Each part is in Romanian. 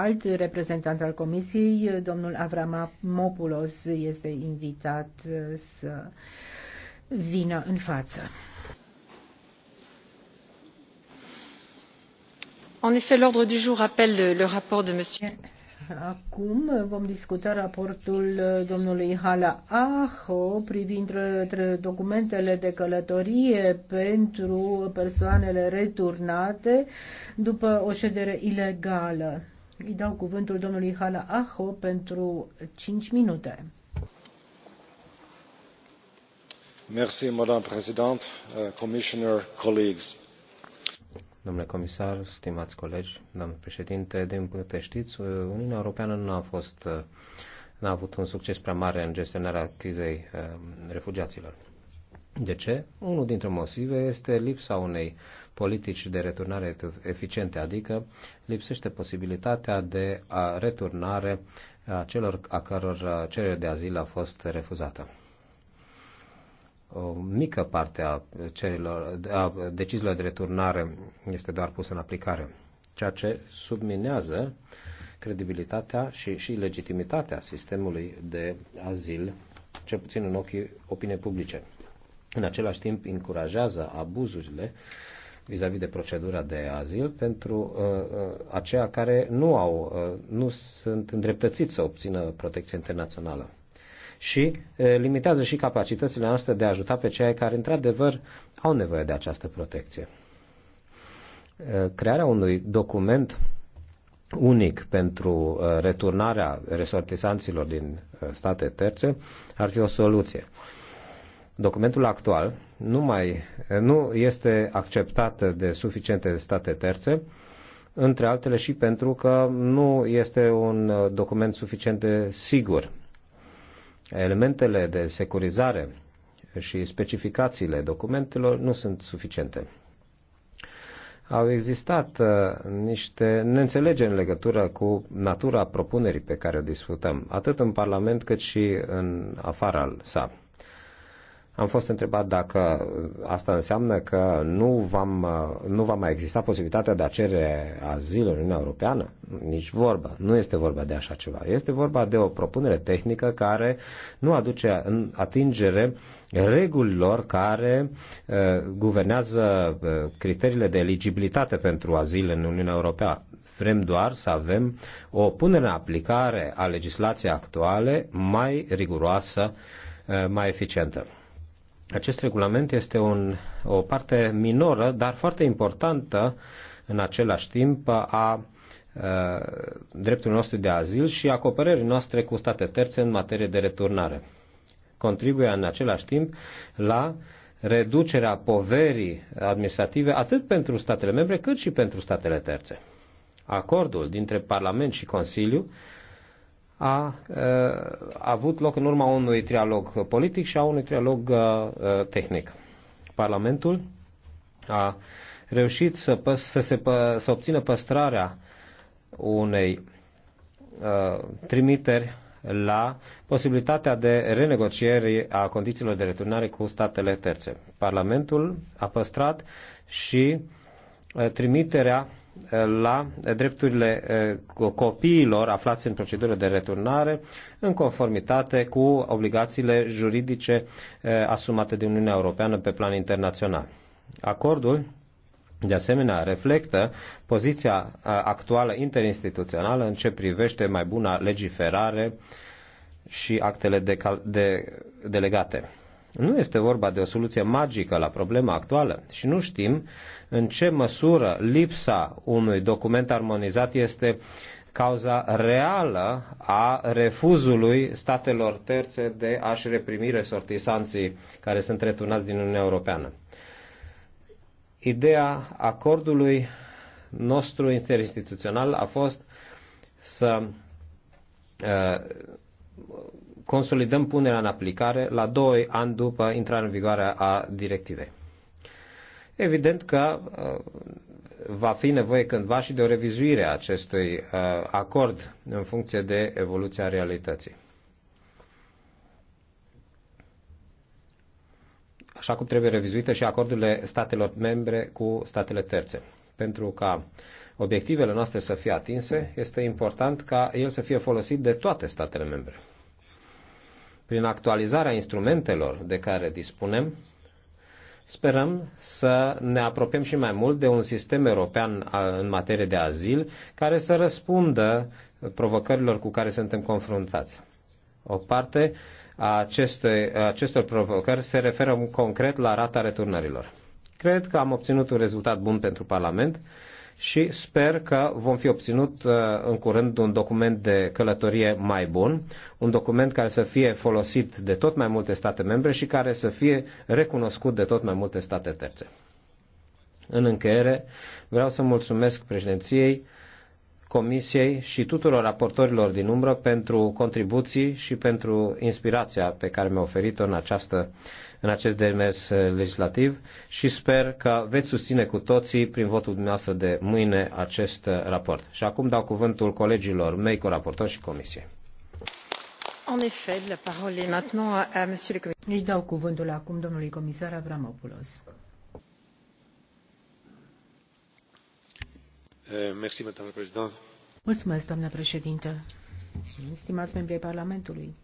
Alt reprezentant al Comisiei, domnul Avramopoulos, este invitat uh, să vină în față. En effet, l'ordre du jour appelle le rapport de monsieur Acum vom discuta raportul domnului Hala Aho privind documentele de călătorie pentru persoanele returnate după o ședere ilegală. Îi dau cuvântul domnului Hala Aho pentru 5 minute. Merci, Madame președinte, uh, Commissioner, colleagues. Domnule comisar, stimați colegi, domnule președinte, din câte știți, Uniunea Europeană nu a fost n-a avut un succes prea mare în gestionarea crizei eh, refugiaților. De ce? Unul dintre motive este lipsa unei politici de returnare eficiente, adică lipsește posibilitatea de a returnare a celor a căror cerere de azil a fost refuzată o mică parte a, cerilor, a deciziilor de returnare este doar pusă în aplicare, ceea ce subminează credibilitatea și, și legitimitatea sistemului de azil, cel puțin în ochii opinie publice. În același timp, încurajează abuzurile vis-a-vis -vis de procedura de azil pentru uh, uh, aceia care nu, au, uh, nu sunt îndreptățiți să obțină protecție internațională și limitează și capacitățile noastre de a ajuta pe cei care, într-adevăr, au nevoie de această protecție. Crearea unui document unic pentru returnarea resortisanților din state terțe ar fi o soluție. Documentul actual nu, mai, nu este acceptat de suficiente state terțe, între altele și pentru că nu este un document suficient de sigur elementele de securizare și specificațiile documentelor nu sunt suficiente. Au existat uh, niște neînțelegeri în legătură cu natura propunerii pe care o discutăm, atât în Parlament cât și în afara sa. Am fost întrebat dacă asta înseamnă că nu, vom, nu va mai exista posibilitatea de a cere azil în Uniunea Europeană? Nici vorba. Nu este vorba de așa ceva. Este vorba de o propunere tehnică care nu aduce în atingere regulilor care uh, guvernează uh, criteriile de eligibilitate pentru azil în Uniunea Europeană. Vrem doar să avem o punere în aplicare a legislației actuale mai riguroasă, uh, mai eficientă. Acest regulament este un, o parte minoră, dar foarte importantă în același timp a dreptului nostru de azil și a cooperării noastre cu state terțe în materie de returnare. Contribuie în același timp la reducerea poverii administrative atât pentru statele membre cât și pentru statele terțe. Acordul dintre Parlament și Consiliu a, a avut loc în urma unui trialog politic și a unui trialog a, tehnic. Parlamentul a reușit să, pă, să, se, pă, să obțină păstrarea unei a, trimiteri la posibilitatea de renegociere a condițiilor de returnare cu statele terțe. Parlamentul a păstrat și trimiterea la drepturile copiilor aflați în procedură de returnare în conformitate cu obligațiile juridice asumate de Uniunea Europeană pe plan internațional. Acordul de asemenea, reflectă poziția actuală interinstituțională în ce privește mai buna legiferare și actele de, de, delegate. Nu este vorba de o soluție magică la problema actuală și nu știm în ce măsură lipsa unui document armonizat este cauza reală a refuzului statelor terțe de a-și reprimi resortisanții care sunt returnați din Uniunea Europeană. Ideea acordului nostru interinstituțional a fost să uh, consolidăm punerea în aplicare la 2 ani după intrarea în vigoare a directivei. Evident că uh, va fi nevoie cândva și de o revizuire a acestui uh, acord în funcție de evoluția realității. Așa cum trebuie revizuite și acordurile statelor membre cu statele terțe. Pentru ca obiectivele noastre să fie atinse, este important ca el să fie folosit de toate statele membre. Prin actualizarea instrumentelor de care dispunem, sperăm să ne apropiem și mai mult de un sistem european în materie de azil care să răspundă provocărilor cu care suntem confruntați. O parte a aceste, acestor provocări se referă concret la rata returnărilor. Cred că am obținut un rezultat bun pentru Parlament și sper că vom fi obținut uh, în curând un document de călătorie mai bun, un document care să fie folosit de tot mai multe state membre și care să fie recunoscut de tot mai multe state terțe. În încheiere, vreau să mulțumesc președinției, Comisiei și tuturor raportorilor din umbră pentru contribuții și pentru inspirația pe care mi-a oferit-o în această în acest demers legislativ și sper că veți susține cu toții prin votul dumneavoastră de mâine acest raport. Și acum dau cuvântul colegilor mei, coraportori și comisie. En effet, la parole est maintenant à monsieur le commissaire. Îi dau cuvântul acum domnului comisar Avramopoulos. Mulțumesc eh, merci, madame Mulțumesc, doamnă președintă. Stimați membrii Parlamentului,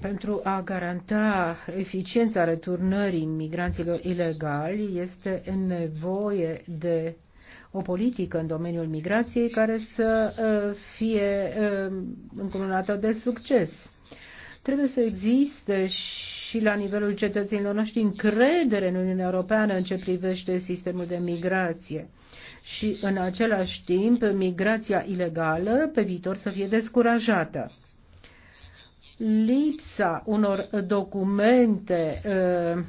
pentru a garanta eficiența returnării migranților ilegali este nevoie de o politică în domeniul migrației care să uh, fie uh, încununată de succes. Trebuie să existe și la nivelul cetățenilor noștri încredere în Uniunea Europeană în ce privește sistemul de migrație și în același timp migrația ilegală pe viitor să fie descurajată lipsa unor documente uh,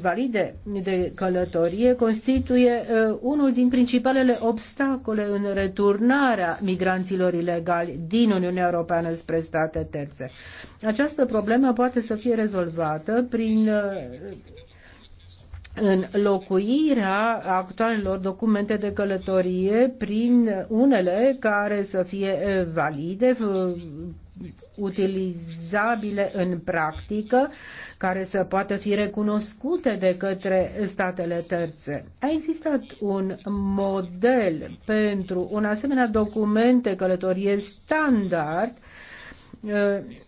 valide de călătorie constituie uh, unul din principalele obstacole în returnarea migranților ilegali din Uniunea Europeană spre state terțe. Această problemă poate să fie rezolvată prin uh, înlocuirea actualelor documente de călătorie prin unele care să fie valide, utilizabile în practică, care să poată fi recunoscute de către statele terțe. A existat un model pentru un asemenea document de călătorie standard uh,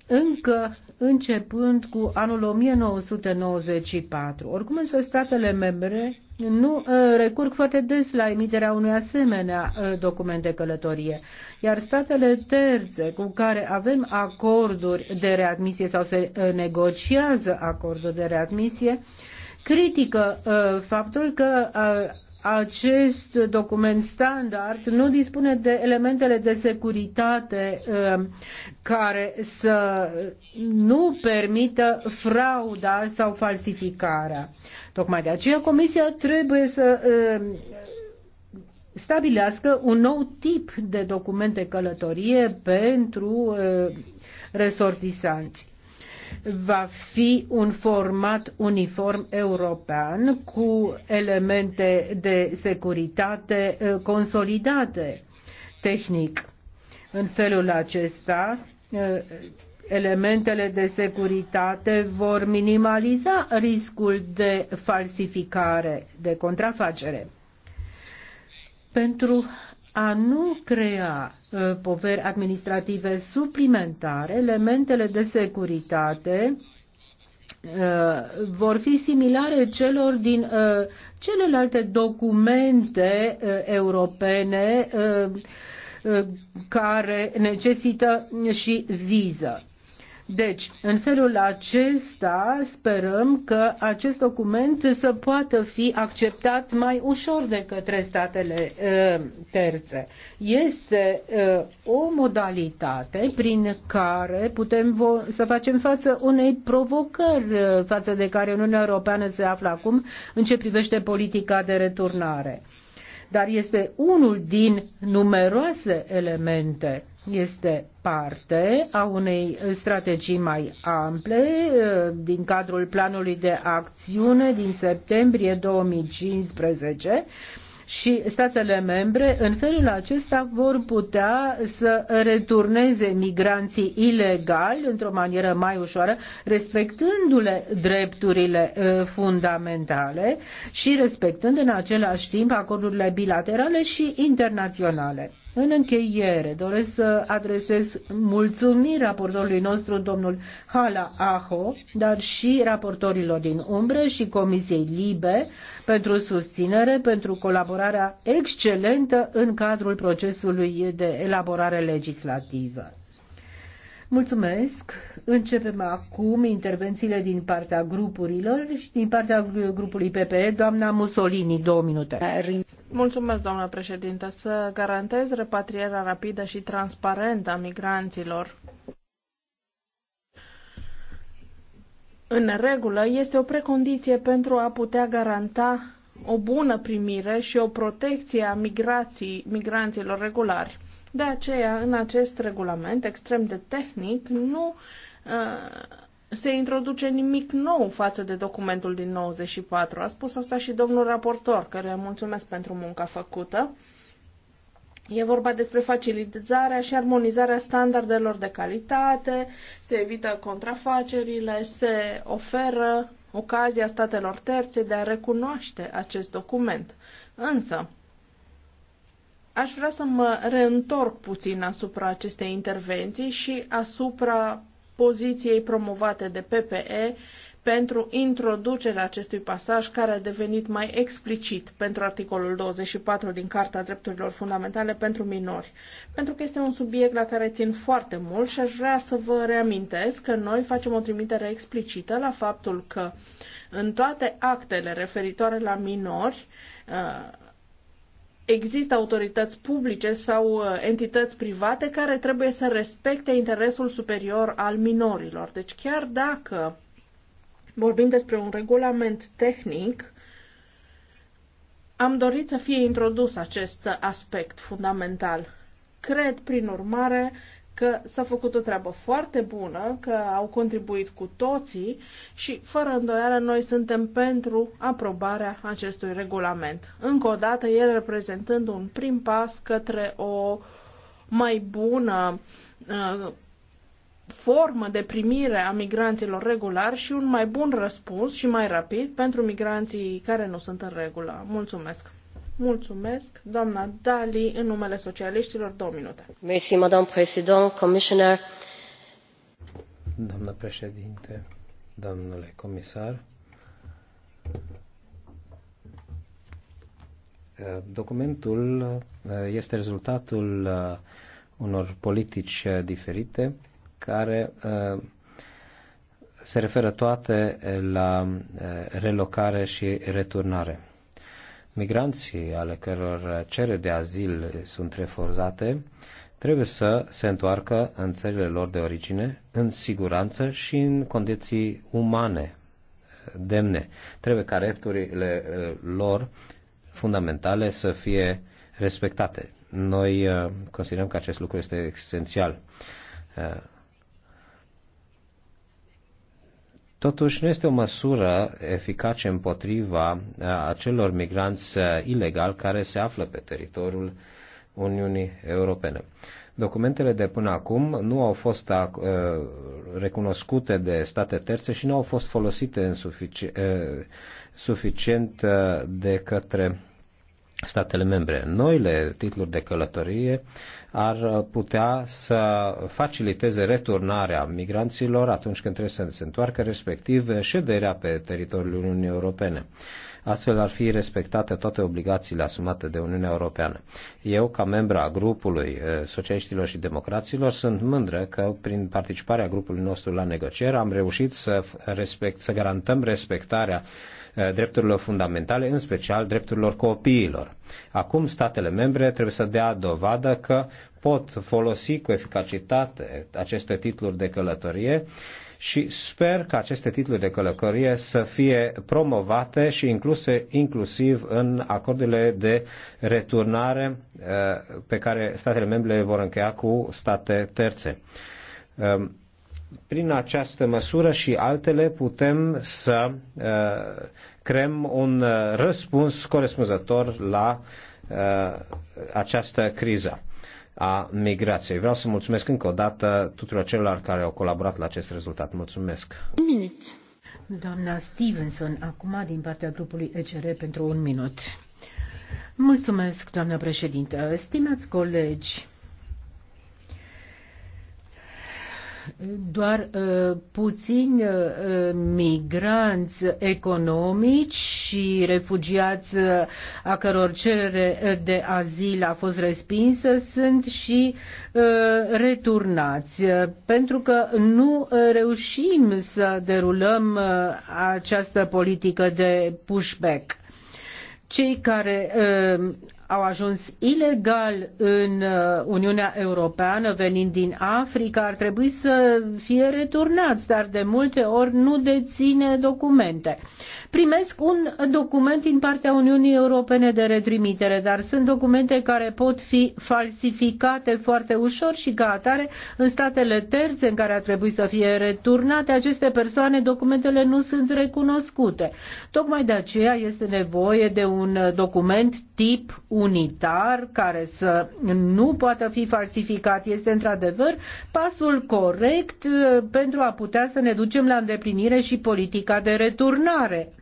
încă începând cu anul 1994. Oricum însă statele membre nu uh, recurg foarte des la emiterea unui asemenea uh, document de călătorie. Iar statele terțe cu care avem acorduri de readmisie sau se uh, negociază acorduri de readmisie, critică faptul că acest document standard nu dispune de elementele de securitate um, care să nu permită frauda sau falsificarea. Tocmai de aceea Comisia trebuie să um, stabilească un nou tip de documente călătorie pentru um, resortisanți va fi un format uniform european cu elemente de securitate eh, consolidate tehnic. În felul acesta, eh, elementele de securitate vor minimaliza riscul de falsificare, de contrafacere. Pentru a nu crea Uh, poveri administrative suplimentare, elementele de securitate uh, vor fi similare celor din uh, celelalte documente europene care necesită și viză. Deci, în felul acesta, sperăm că acest document să poată fi acceptat mai ușor de către statele uh, terțe. Este uh, o modalitate prin care putem să facem față unei provocări uh, față de care Uniunea Europeană se află acum în ce privește politica de returnare. Dar este unul din numeroase elemente este parte a unei strategii mai ample uh, din cadrul planului de acțiune din septembrie 2015 și statele membre în felul acesta vor putea să returneze migranții ilegali într-o manieră mai ușoară, respectându-le drepturile uh, fundamentale și respectând în același timp acordurile bilaterale și internaționale. În încheiere, doresc să adresez mulțumiri raportorului nostru, domnul Hala Aho, dar și raportorilor din umbre și Comisiei Libe pentru susținere, pentru colaborarea excelentă în cadrul procesului de elaborare legislativă. Mulțumesc. Începem acum intervențiile din partea grupurilor și din partea grupului PPE, doamna Mussolini, două minute. Mulțumesc, doamna președinte, să garantez repatrierea rapidă și transparentă a migranților. În regulă, este o precondiție pentru a putea garanta o bună primire și o protecție a migrații, migranților regulari. De aceea, în acest regulament extrem de tehnic, nu uh, se introduce nimic nou față de documentul din 94. A spus asta și domnul raportor, care mulțumesc pentru munca făcută. E vorba despre facilitarea și armonizarea standardelor de calitate, se evită contrafacerile, se oferă ocazia statelor terțe de a recunoaște acest document. Însă, Aș vrea să mă reîntorc puțin asupra acestei intervenții și asupra poziției promovate de PPE pentru introducerea acestui pasaj care a devenit mai explicit pentru articolul 24 din Carta Drepturilor Fundamentale pentru minori. Pentru că este un subiect la care țin foarte mult și aș vrea să vă reamintesc că noi facem o trimitere explicită la faptul că în toate actele referitoare la minori, uh, există autorități publice sau uh, entități private care trebuie să respecte interesul superior al minorilor. Deci chiar dacă vorbim despre un regulament tehnic, am dorit să fie introdus acest aspect fundamental. Cred, prin urmare, că s-a făcut o treabă foarte bună, că au contribuit cu toții și, fără îndoială, noi suntem pentru aprobarea acestui regulament. Încă o dată, el reprezentând un prim pas către o mai bună uh, formă de primire a migranților regulari și un mai bun răspuns și mai rapid pentru migranții care nu sunt în regulă. Mulțumesc! Mulțumesc, doamna Dali, în numele socialiștilor, două minute. Mersi, madame president, commissioner. Doamna președinte, domnule comisar, documentul este rezultatul unor politici diferite care se referă toate la relocare și returnare migranții ale căror cereri de azil sunt reforzate trebuie să se întoarcă în țările lor de origine în siguranță și în condiții umane demne. Trebuie ca drepturile uh, lor fundamentale să fie respectate. Noi uh, considerăm că acest lucru este esențial. Uh, Totuși, nu este o măsură eficace împotriva uh, acelor migranți uh, ilegali care se află pe teritoriul Uniunii Europene. Documentele de până acum nu au fost uh, recunoscute de state terțe și nu au fost folosite în suficient de către statele membre. Noile titluri de călătorie ar putea să faciliteze returnarea migranților atunci când trebuie să se întoarcă, respectiv șederea pe teritoriul Uniunii Europene. Astfel ar fi respectate toate obligațiile asumate de Uniunea Europeană. Eu, ca membru a grupului eh, socialiștilor și democraților, sunt mândră că prin participarea grupului nostru la negocieri am reușit să, respect, să garantăm respectarea uh, Eh, drepturilor fundamentale, în special drepturilor copiilor. Acum statele membre trebuie să dea dovadă că pot folosi cu eficacitate aceste titluri de călătorie și sper că aceste titluri de călătorie să fie promovate și incluse inclusiv în acordurile de returnare eh, pe care statele membre vor încheia cu state terțe. Ehm, prin această măsură și altele putem să uh, creăm un uh, răspuns corespunzător la uh, această criză a migrației. Vreau să mulțumesc încă o dată tuturor celor care au colaborat la acest rezultat. Mulțumesc. Un minut. Doamna Stevenson, acum din partea grupului ECR pentru un minut. Mulțumesc, doamna președintă. Stimați colegi, doar uh, puțini uh, migranți economici și refugiați uh, a căror cerere de azil a fost respinsă sunt și uh, returnați uh, pentru că nu uh, reușim să derulăm uh, această politică de pushback. Cei care uh, au ajuns ilegal în uh, Uniunea Europeană, venind din Africa, ar trebui să fie returnați, dar de multe ori nu deține documente. Primesc un document din partea Uniunii Europene de retrimitere, dar sunt documente care pot fi falsificate foarte ușor și ca atare în statele terțe în care ar trebui să fie returnate aceste persoane, documentele nu sunt recunoscute. Tocmai de aceea este nevoie de un document tip, unitar care să nu poată fi falsificat este într-adevăr pasul corect uh, pentru a putea să ne ducem la îndeplinire și politica de returnare.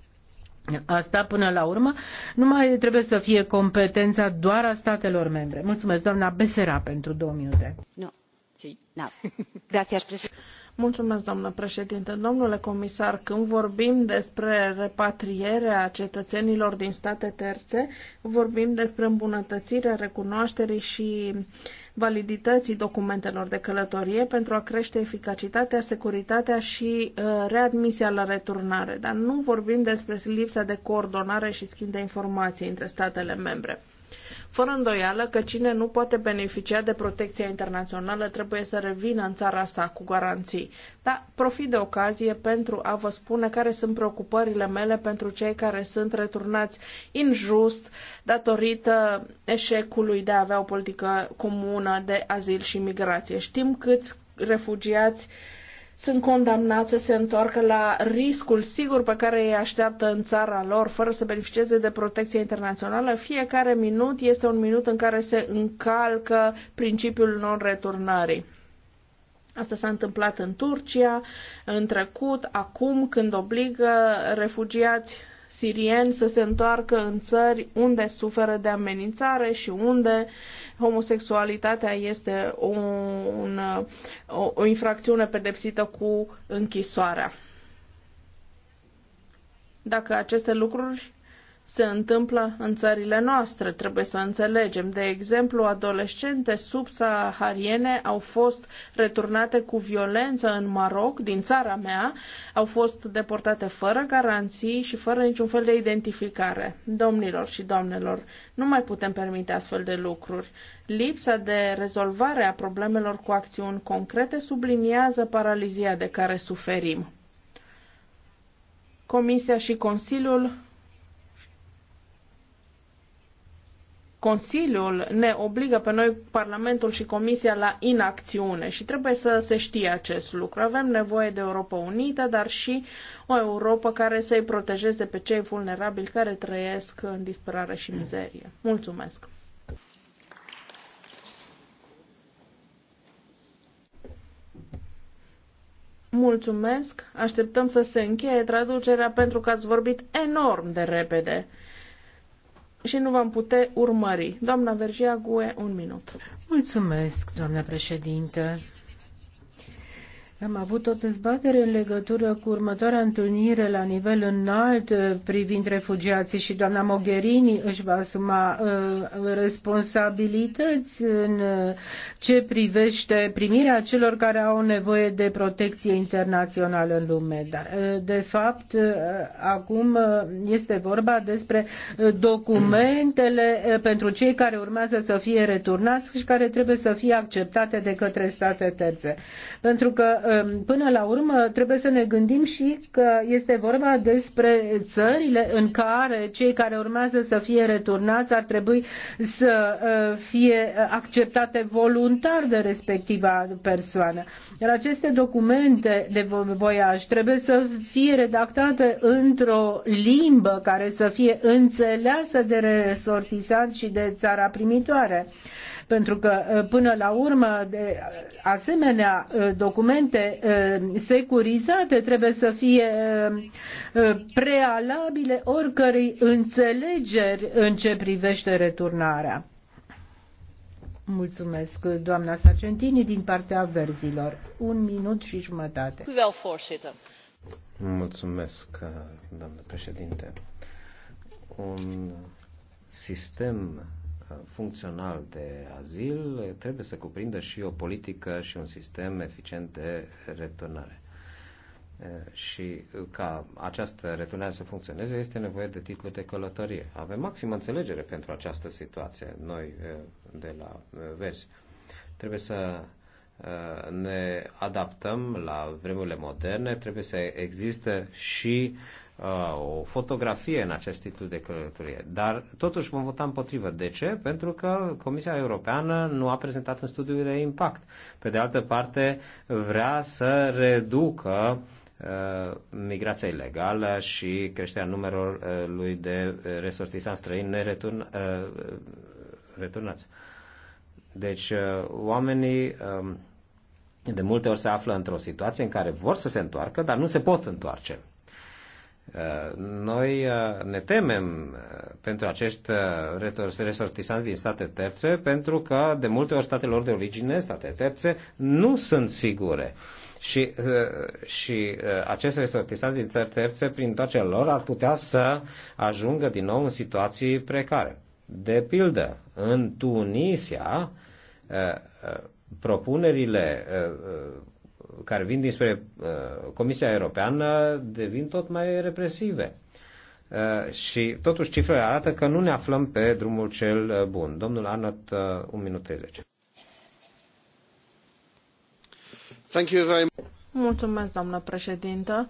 Asta până la urmă nu mai trebuie să fie competența doar a statelor membre. Mulțumesc, doamna Besera, pentru două minute. No. Sí. No. Gracias, presidente. Mulțumesc, doamnă președinte. Domnule comisar, când vorbim despre repatrierea cetățenilor din state terțe, vorbim despre îmbunătățirea recunoașterii și validității documentelor de călătorie pentru a crește eficacitatea, securitatea și uh, readmisia la returnare. Dar nu vorbim despre lipsa de coordonare și schimb de informații între statele membre fără îndoială că cine nu poate beneficia de protecția internațională trebuie să revină în țara sa cu garanții. Dar profit de ocazie pentru a vă spune care sunt preocupările mele pentru cei care sunt returnați injust datorită eșecului de a avea o politică comună de azil și migrație. Știm câți refugiați uh, sunt condamnați să se întoarcă la riscul sigur pe care îi așteaptă în țara lor, fără să beneficieze de protecție internațională. Fiecare minut este un minut în care se încalcă principiul non-returnării. Asta s-a întâmplat în Turcia, în trecut, acum când obligă refugiați sirieni să se întoarcă în țări unde suferă de amenințare și unde uh, homosexualitatea este un, o, o infracțiune pedepsită cu închisoarea. Dacă aceste lucruri se întâmplă în țările noastre. Trebuie să înțelegem. De exemplu, adolescente subsahariene au fost returnate cu violență în Maroc, din țara mea, au fost deportate fără garanții și fără niciun fel de identificare. Domnilor și doamnelor, nu mai putem permite astfel de lucruri. Lipsa de rezolvare a problemelor cu acțiuni concrete subliniază paralizia de care suferim. Comisia și Consiliul Consiliul ne obligă pe noi, Parlamentul și Comisia, la inacțiune și trebuie să se știe acest lucru. Avem nevoie de Europa Unită, dar și o Europa care să-i protejeze pe cei vulnerabili care trăiesc în disperare și mizerie. Mulțumesc! Mulțumesc! Așteptăm să se încheie traducerea pentru că ați vorbit enorm de repede și nu vom putea urmări. Doamna Vergia Gue, un minut. Mulțumesc, doamna președinte. Am avut o dezbatere în legătură cu următoarea întâlnire la nivel înalt uh, privind refugiații și doamna Mogherini își va asuma uh, responsabilități în uh, ce privește primirea celor care au nevoie de protecție internațională în lume. Dar, uh, de fapt, uh, acum uh, este vorba despre uh, documentele uh, pentru cei care urmează să fie returnați și care trebuie să fie acceptate de către state terțe. Pentru că uh, Um, până la urmă trebuie să ne gândim și că este vorba despre țările în care cei care urmează să fie returnați ar trebui să uh, fie acceptate voluntar de respectiva persoană. Iar aceste documente de voiaj trebuie să fie redactate într-o limbă care să fie înțeleasă de resortisant și de țara primitoare pentru că uh, până la urmă de uh, asemenea uh, documente securizate trebuie să fie prealabile oricărei înțelegeri în ce privește returnarea. Mulțumesc, doamna Sargentini, din partea verzilor. Un minut și jumătate. Mulțumesc, doamnă președinte. Un sistem funcțional de azil trebuie să cuprindă și o politică și un sistem eficient de returnare. Și ca această returnare să funcționeze, este nevoie de titluri de călătorie. Avem maximă înțelegere pentru această situație, noi de la Verzi. Trebuie să ne adaptăm la vremurile moderne, trebuie să existe și uh, o fotografie în acest titlu de călătorie. Dar totuși vom vota împotrivă. De ce? Pentru că Comisia Europeană nu a prezentat un studiu de impact. Pe de altă parte, vrea să reducă uh, migrația ilegală și creșterea numărul uh, lui de resortisani străini nereturn, returnați. Deci, oamenii um, de multe ori se află într-o situație în care vor să se întoarcă, dar nu se pot întoarce. Uh, noi uh, ne temem uh, pentru acești resortisanți din state terțe pentru că de multe ori statele lor de origine, state terțe, nu sunt sigure. Și, și acest resortisanți din țări terțe, prin toate lor, ar putea să ajungă din nou în situații precare. De pildă, în Tunisia, propunerile uh, uh, care vin dinspre uh, Comisia Europeană devin tot mai represive. Și totuși cifrele arată că nu ne aflăm pe drumul cel bun. Domnul Arnott, un minut 30. Thank you very much. Mulțumesc, doamnă președintă.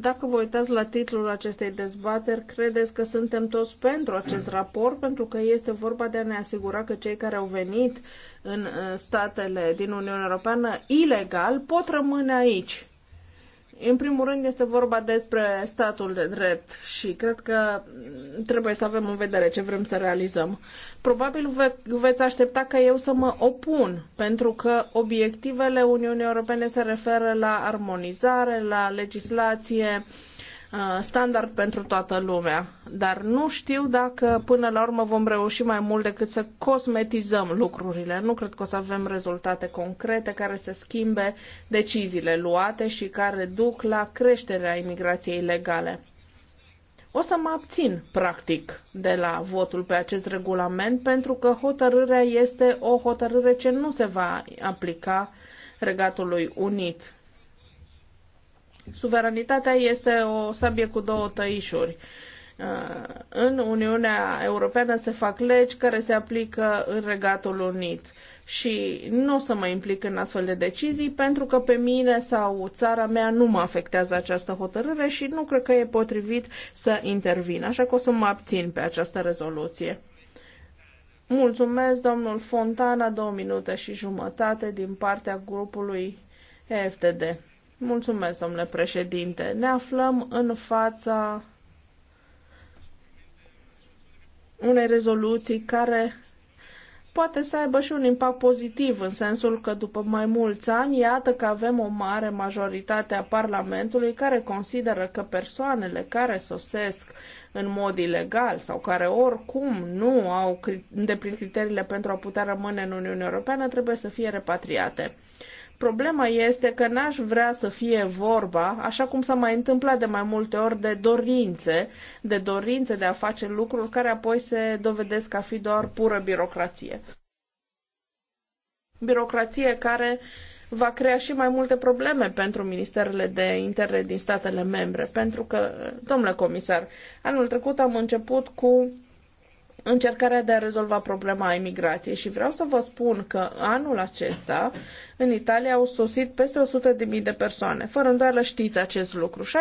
Dacă vă uitați la titlul acestei dezbateri, credeți că suntem toți pentru acest raport, pentru că este vorba de a ne asigura că cei care au venit în uh, statele din Uniunea Europeană ilegal pot rămâne aici. În primul rând este vorba despre statul de drept și cred că trebuie să avem în vedere ce vrem să realizăm. Probabil ve- veți aștepta ca eu să mă opun, pentru că obiectivele Uniunii Europene se referă la armonizare, la legislație uh, Uh, standard pentru toată lumea, dar nu știu dacă până la urmă vom reuși mai mult decât să cosmetizăm lucrurile. Nu cred că o să avem rezultate concrete care să schimbe deciziile luate și care duc la creșterea imigrației ilegale. O să mă abțin, practic, de la votul pe acest regulament, pentru că hotărârea este o hotărâre ce nu se va aplica Regatului Unit Suveranitatea este o sabie cu două tăișuri. Uh, în Uniunea Europeană se fac legi care se aplică în Regatul Unit și nu o să mă implic în astfel de decizii pentru că pe mine sau țara mea nu mă afectează această hotărâre și nu cred că e potrivit să intervin, așa că o să mă abțin pe această rezoluție. Mulțumesc, domnul Fontana, două minute și jumătate din partea grupului EFTD. Mulțumesc, domnule președinte. Ne aflăm în fața unei rezoluții care poate să aibă și un impact pozitiv, în sensul că după mai mulți ani, iată că avem o mare majoritate a Parlamentului care consideră că persoanele care sosesc în mod ilegal sau care oricum nu au îndeplinit criteriile pentru a putea rămâne în Uniunea Europeană trebuie să fie repatriate. Problema este că n-aș vrea să fie vorba, așa cum s-a mai întâmplat de mai multe ori, de dorințe, de dorințe de a face lucruri care apoi se dovedesc a fi doar pură birocrație. Birocrație care va crea și mai multe probleme pentru ministerele de interne din statele membre, pentru că, domnule comisar, anul trecut am început cu încercarea de a rezolva problema imigrației și vreau să vă spun că anul acesta în Italia au sosit peste 100.000 de persoane. Fără îndoială știți acest lucru. 60%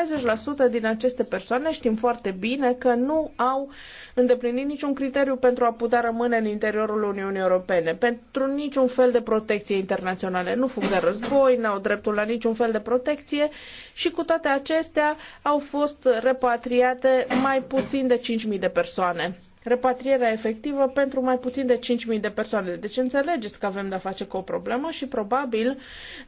din aceste persoane știm foarte bine că nu au îndeplinit niciun criteriu pentru a putea rămâne în interiorul Uniunii Europene, pentru niciun fel de protecție internațională. Nu fug de război, nu au dreptul la niciun fel de protecție și cu toate acestea au fost repatriate mai puțin de 5.000 de persoane repatrierea efectivă pentru mai puțin de 5.000 de persoane. Deci înțelegeți că avem de-a face cu o problemă și probabil,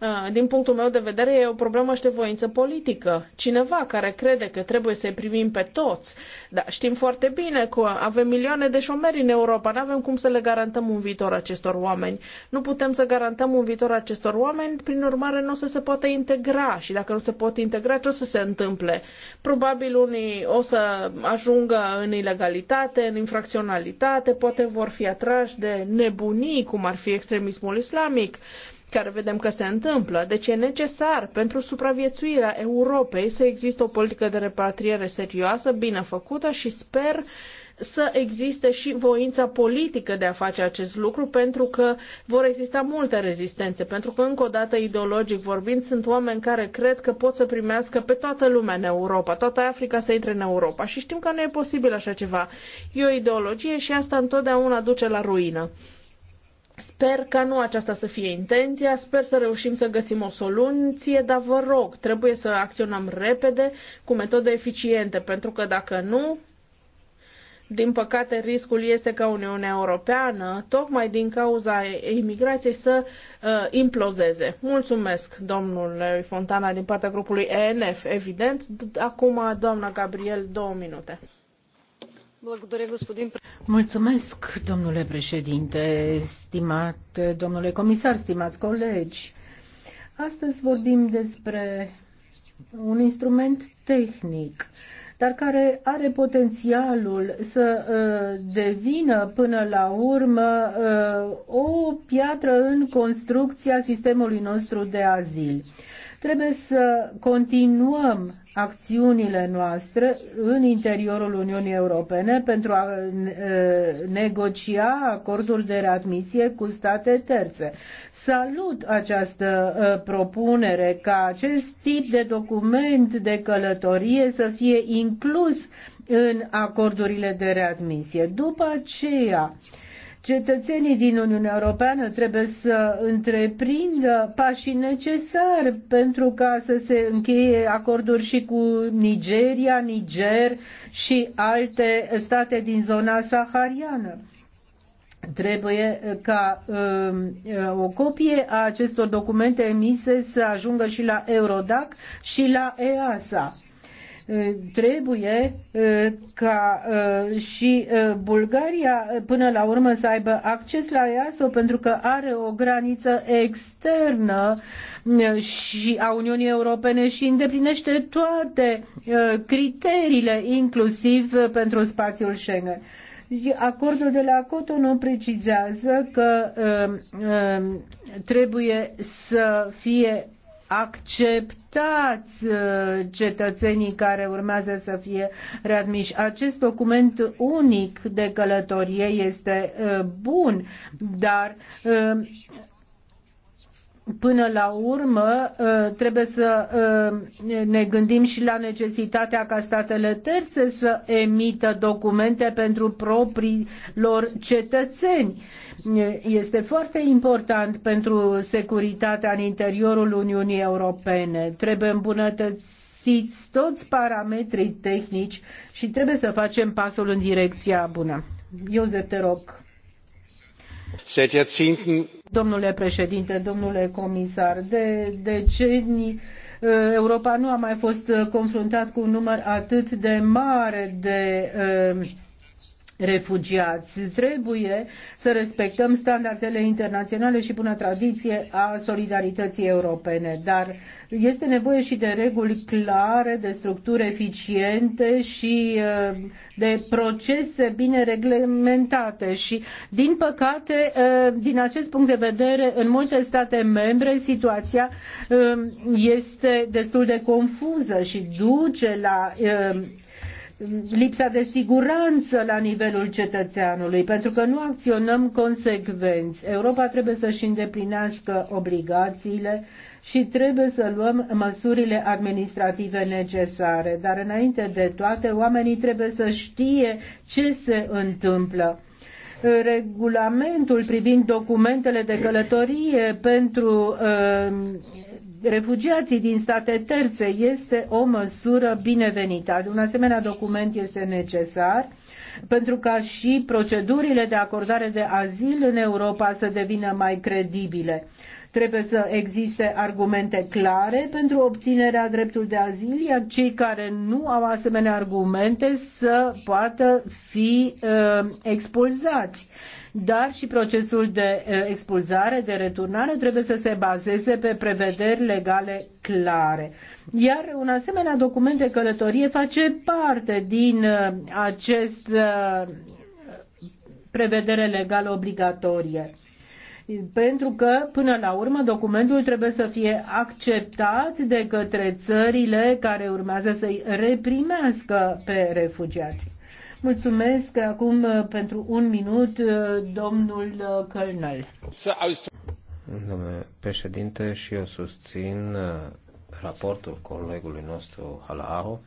uh, din punctul meu de vedere, e o problemă și de voință politică. Cineva care crede că trebuie să-i primim pe toți, dar știm foarte bine că avem milioane de șomeri în Europa, nu avem cum să le garantăm un viitor acestor oameni. Nu putem să garantăm un viitor acestor oameni, prin urmare nu o să se poată integra și dacă nu se pot integra, ce o să se întâmple? Probabil unii o să ajungă în ilegalitate, în infracționalitate, poate vor fi atrași de nebunii, cum ar fi extremismul islamic, care vedem că se întâmplă. Deci e necesar pentru supraviețuirea Europei să existe o politică de repatriere serioasă, bine făcută și sper să existe și voința politică de a face acest lucru, pentru că vor exista multe rezistențe, pentru că, încă o dată, ideologic vorbind, sunt oameni care cred că pot să primească pe toată lumea în Europa, toată Africa să intre în Europa. Și știm că nu e posibil așa ceva. E o ideologie și asta întotdeauna duce la ruină. Sper ca nu aceasta să fie intenția, sper să reușim să găsim o soluție, dar vă rog, trebuie să acționăm repede, cu metode eficiente, pentru că dacă nu, din păcate, riscul este ca Uniunea Europeană, tocmai din cauza imigrației, să uh, implozeze. Mulțumesc, domnule Fontana, din partea grupului ENF, evident. Acum, doamna Gabriel, două minute. Mulțumesc, domnule președinte, stimat domnule comisar, stimați colegi. Astăzi vorbim despre un instrument tehnic dar care are potențialul să uh, devină până la urmă uh, o piatră în construcția sistemului nostru de azil. Trebuie să continuăm acțiunile noastre în interiorul Uniunii Europene pentru a negocia acordul de readmisie cu state terțe. Salut această propunere ca acest tip de document de călătorie să fie inclus în acordurile de readmisie. După aceea, Cetățenii din Uniunea Europeană trebuie să întreprindă pașii necesari pentru ca să se încheie acorduri și cu Nigeria, Niger și alte state din zona sahariană trebuie uh, ca um, uh, o copie a acestor documente emise să ajungă și la Eurodac și la EASA. Trebuie ca și Bulgaria până la urmă să aibă acces la EASO pentru că are o graniță externă și a Uniunii Europene și îndeplinește toate criteriile, inclusiv pentru spațiul Schengen. Acordul de la Cotonou precizează că trebuie să fie acceptați uh, cetățenii care urmează să fie readmiși. Acest document unic de călătorie este uh, bun, dar uh, Până la urmă, uh, trebuie să uh, ne gândim și la necesitatea ca statele terțe să emită documente pentru proprii lor cetățeni. Este foarte important pentru securitatea în interiorul Uniunii Europene. Trebuie îmbunătățiți toți parametrii tehnici și trebuie să facem pasul în direcția bună. Iosef, te rog. Domnule președinte, domnule comisar, de decenii uh, Europa nu a mai fost uh, confruntată cu un număr atât de mare de uh, refugiați. Trebuie să respectăm standardele internaționale și bună tradiție a solidarității europene, dar este nevoie și de reguli clare, de structuri eficiente și eh, de procese bine reglementate și, din păcate, eh, din acest punct de vedere, în multe state membre situația eh, este destul de confuză și duce la lipsa de siguranță la nivelul cetățeanului, pentru că nu acționăm consecvenți. Europa trebuie să-și îndeplinească obligațiile și trebuie să luăm măsurile administrative necesare. Dar înainte de toate, oamenii trebuie să știe ce se întâmplă regulamentul privind documentele de călătorie pentru uh, refugiații din state terțe este o măsură binevenită. Un asemenea document este necesar pentru ca și procedurile de acordare de azil în Europa să devină mai credibile. Trebuie să existe argumente clare pentru obținerea dreptului de azil, iar cei care nu au asemenea argumente să poată fi uh, expulzați dar și procesul de expulzare, de returnare trebuie să se bazeze pe prevederi legale clare. Iar un asemenea document de călătorie face parte din acest prevedere legală obligatorie pentru că, până la urmă, documentul trebuie să fie acceptat de către țările care urmează să-i reprimească pe refugiați. Mulțumesc acum uh, pentru un minut uh, domnul uh, colonel. Domnule președinte, și eu susțin raportul colegului nostru Halaho,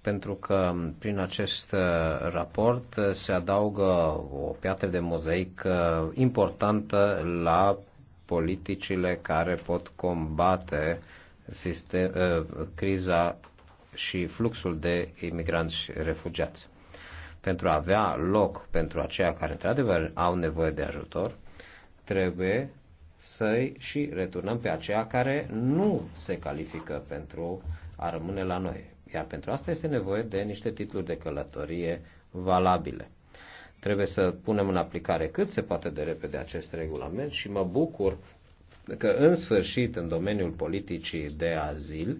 pentru că um, prin acest raport se adaugă o piatră de mozaic importantă la politicile care pot combate sistem, criza și fluxul de imigranți și refugiați. Pentru a avea loc pentru aceia care într-adevăr au nevoie de ajutor, trebuie să-i și returnăm pe aceia care nu se califică pentru a rămâne la noi. Iar pentru asta este nevoie de niște titluri de călătorie valabile. Trebuie să punem în aplicare cât se poate de repede acest regulament și mă bucur că în sfârșit în domeniul politicii de azil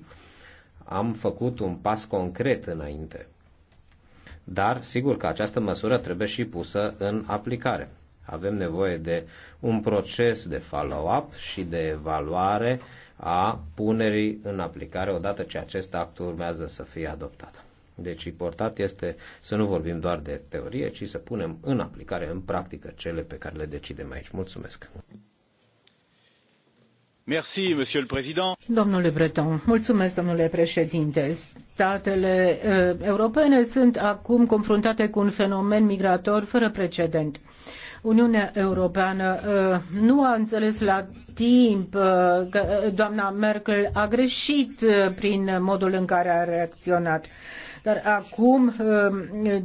am făcut un pas concret înainte. Dar, sigur că această măsură trebuie și pusă în aplicare. Avem nevoie de un proces de follow-up și de evaluare a punerii în aplicare odată ce acest act urmează să fie adoptat. Deci important este să nu vorbim doar de teorie, ci să punem în aplicare, în practică, cele pe care le decidem aici. Mulțumesc! Domnule Breton, mulțumesc, domnule președinte. Statele eh, europene sunt acum confruntate cu un fenomen migrator fără precedent Uniunea Europeană uh, nu a înțeles la timp uh, că uh, doamna Merkel a greșit prin modul în care a reacționat. Dar acum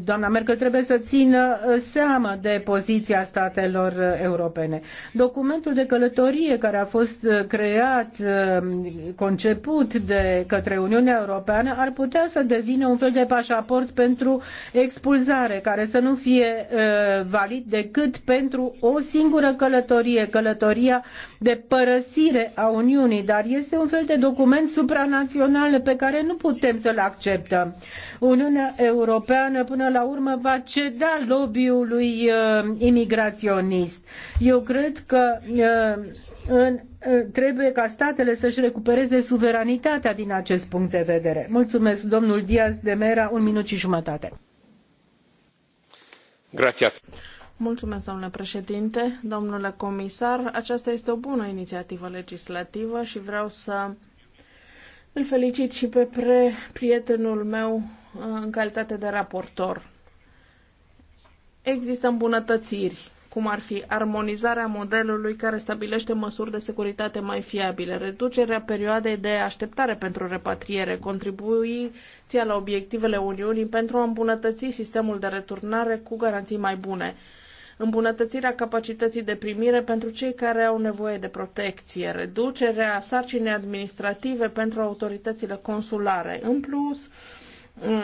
doamna Merkel trebuie să țină seama de poziția statelor europene. Documentul de călătorie care a fost creat, conceput de către Uniunea Europeană, ar putea să devină un fel de pașaport pentru expulzare, care să nu fie valid decât pe pentru o singură călătorie, călătoria de părăsire a Uniunii, dar este un fel de document supranațional pe care nu putem să-l acceptăm. Uniunea Europeană până la urmă va ceda lobby-ului uh, imigraționist. Eu cred că uh, în, uh, trebuie ca statele să-și recupereze suveranitatea din acest punct de vedere. Mulțumesc, domnul Diaz de Mera, un minut și jumătate. Grazie. Mulțumesc, domnule președinte, domnule comisar. Aceasta este o bună inițiativă legislativă și vreau să îl felicit și pe pre prietenul meu uh, în calitate de raportor. Există îmbunătățiri cum ar fi armonizarea modelului care stabilește măsuri de securitate mai fiabile, reducerea perioadei de așteptare pentru repatriere, contribuția la obiectivele Uniunii pentru a îmbunătăți sistemul de returnare cu garanții mai bune îmbunătățirea capacității de primire pentru cei care au nevoie de protecție, reducerea sarcinii administrative pentru autoritățile consulare. În plus, mm,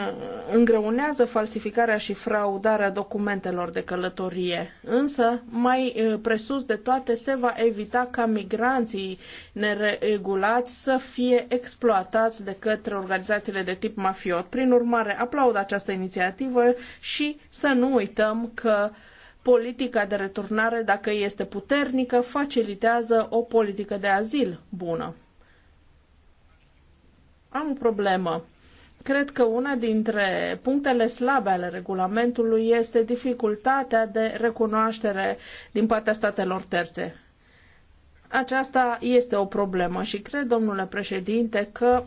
îngreunează falsificarea și fraudarea documentelor de călătorie. Însă, mai presus de toate, se va evita ca migranții neregulați să fie exploatați de către organizațiile de tip mafiot. Prin urmare, aplaud această inițiativă și să nu uităm că uh, politica de returnare, dacă este puternică, facilitează o politică de azil bună. Am o problemă. Cred că una dintre punctele slabe ale regulamentului este dificultatea de recunoaștere din partea statelor terțe. Aceasta este o problemă și cred, domnule președinte, că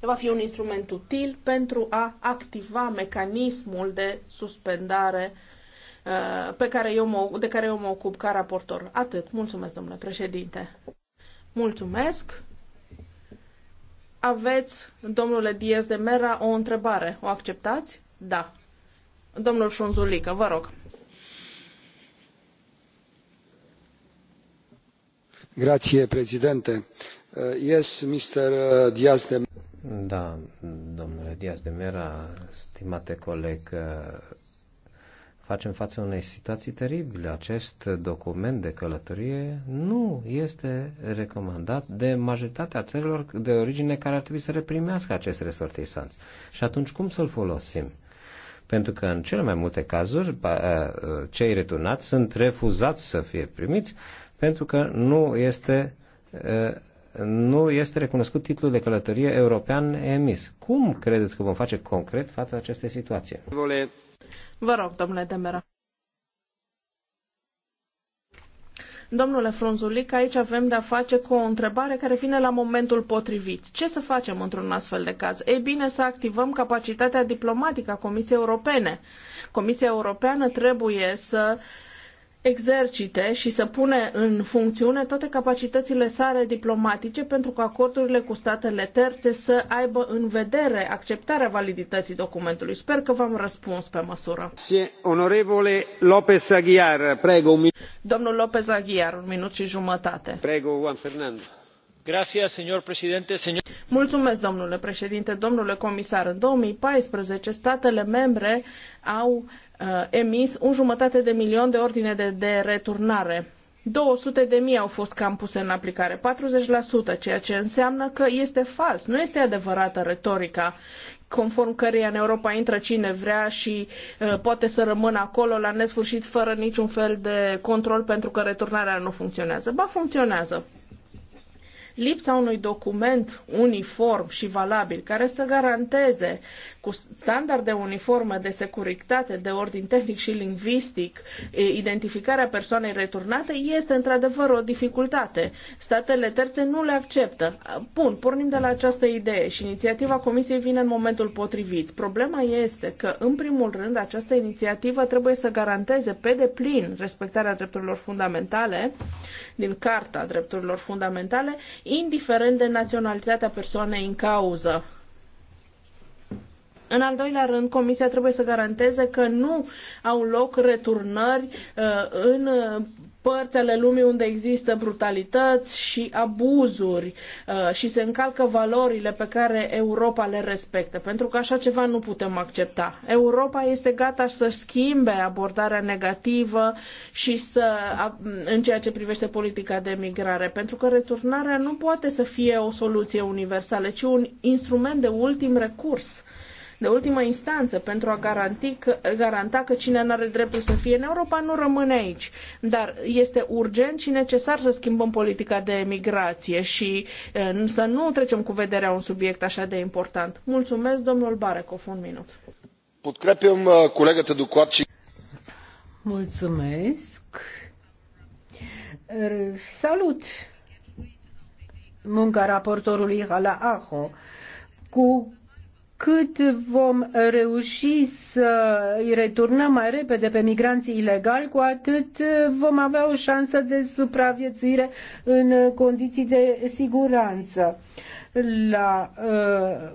va fi un instrument util pentru a activa mecanismul de suspendare uh, Uh, pe care eu mă, de care eu mă ocup ca raportor. Atât. Mulțumesc, domnule președinte. Mulțumesc. Aveți, domnule Diez de Mera, o întrebare. O acceptați? Da. Domnul Frunzulică, vă rog. Grație, prezidente. Uh, Yes, Mr. Uh, Diaz de Mera. Da, domnule Diaz de Mera, stimate coleg, uh, facem față unei situații teribile. Acest document de călătorie nu este recomandat de majoritatea țărilor de origine care ar trebui să reprimească acest resortisanț. Și atunci cum să-l folosim? Pentru că în cele mai multe cazuri cei returnați sunt refuzați să fie primiți pentru că nu este nu este recunoscut titlul de călătorie european emis. Cum credeți că vom face concret față acestei situații? Vă rog, domnule Demera. Domnule Frunzulic, aici avem de-a face cu o întrebare care vine la momentul potrivit. Ce să facem într-un astfel de caz? Ei bine, să activăm capacitatea diplomatică a Comisiei Europene. Comisia Europeană trebuie să uh, exercite și să pune în funcțiune toate capacitățile sale diplomatice pentru ca acordurile cu statele terțe să aibă în vedere acceptarea validității documentului. Sper că v-am răspuns pe măsură. Onorevole López Aguiar, prego un minut. Domnul López Aguiar, un minut și jumătate. Prego, Juan Fernando. Gracias, señor presidente. Señor... Mulțumesc, domnule președinte, domnule comisar. În 2014, statele membre au uh, emis un jumătate de milion de ordine de, de returnare. 200 de mii au fost cam puse în aplicare, 40%, ceea ce înseamnă că este fals, nu este adevărată retorica conform căreia în Europa intră cine vrea și uh, poate să rămână acolo la nesfârșit fără niciun fel de control pentru că returnarea nu funcționează. Ba, funcționează lipsa unui document uniform și valabil care să garanteze cu standarde uniforme de securitate, de ordin tehnic și lingvistic, identificarea persoanei returnate este într-adevăr o dificultate. Statele terțe nu le acceptă. Bun, pornim de la această idee și inițiativa Comisiei vine în momentul potrivit. Problema este că, în primul rând, această inițiativă trebuie să garanteze pe deplin respectarea drepturilor fundamentale din Carta Drepturilor Fundamentale, indiferent de naționalitatea persoanei în cauză în al doilea rând, Comisia trebuie să garanteze că nu au loc returnări uh, în uh, părți ale lumii unde există brutalități și abuzuri uh, și se încalcă valorile pe care Europa le respectă, pentru că așa ceva nu putem accepta. Europa este gata să schimbe abordarea negativă și să, în ceea ce privește politica de migrare, pentru că returnarea nu poate să fie o soluție universală, ci un instrument de ultim recurs de ultimă instanță pentru a garanti că, garanta că cine nu are dreptul să fie în Europa nu rămâne aici. Dar este urgent și necesar să schimbăm politica de migrație și să nu trecem cu vederea un subiect așa de important. Mulțumesc, domnul Barecov, un minut. Podkrepim colegată Ducoaci. Mulțumesc. Salut munca raportorului Hala Aho cu cât vom reuși să îi returnăm mai repede pe migranții ilegali, cu atât vom avea o șansă de supraviețuire în condiții de siguranță la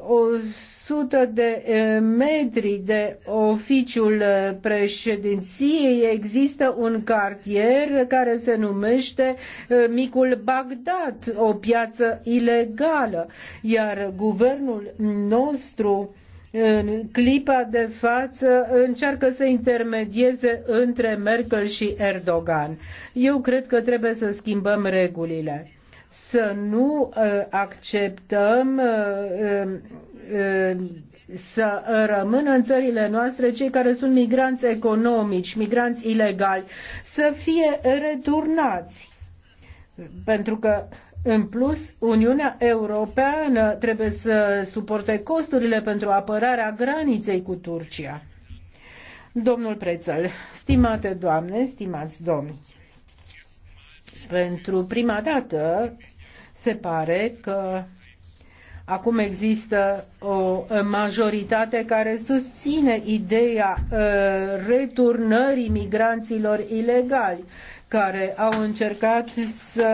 uh, 100 de uh, metri de oficiul uh, președinției există un cartier care se numește uh, Micul Bagdad, o piață ilegală, iar guvernul nostru în clipa de față încearcă să intermedieze între Merkel și Erdogan. Eu cred că trebuie să schimbăm regulile să nu uh, acceptăm uh, um, uh, să rămână în țările noastre cei care sunt migranți economici, migranți ilegali, să fie returnați. Pentru că în plus, Uniunea Europeană trebuie să suporte costurile pentru apărarea graniței cu Turcia. Domnul Prețel, stimate doamne, stimați domni, pentru prima dată se pare că acum există o majoritate care susține ideea uh, returnării migranților ilegali care au încercat să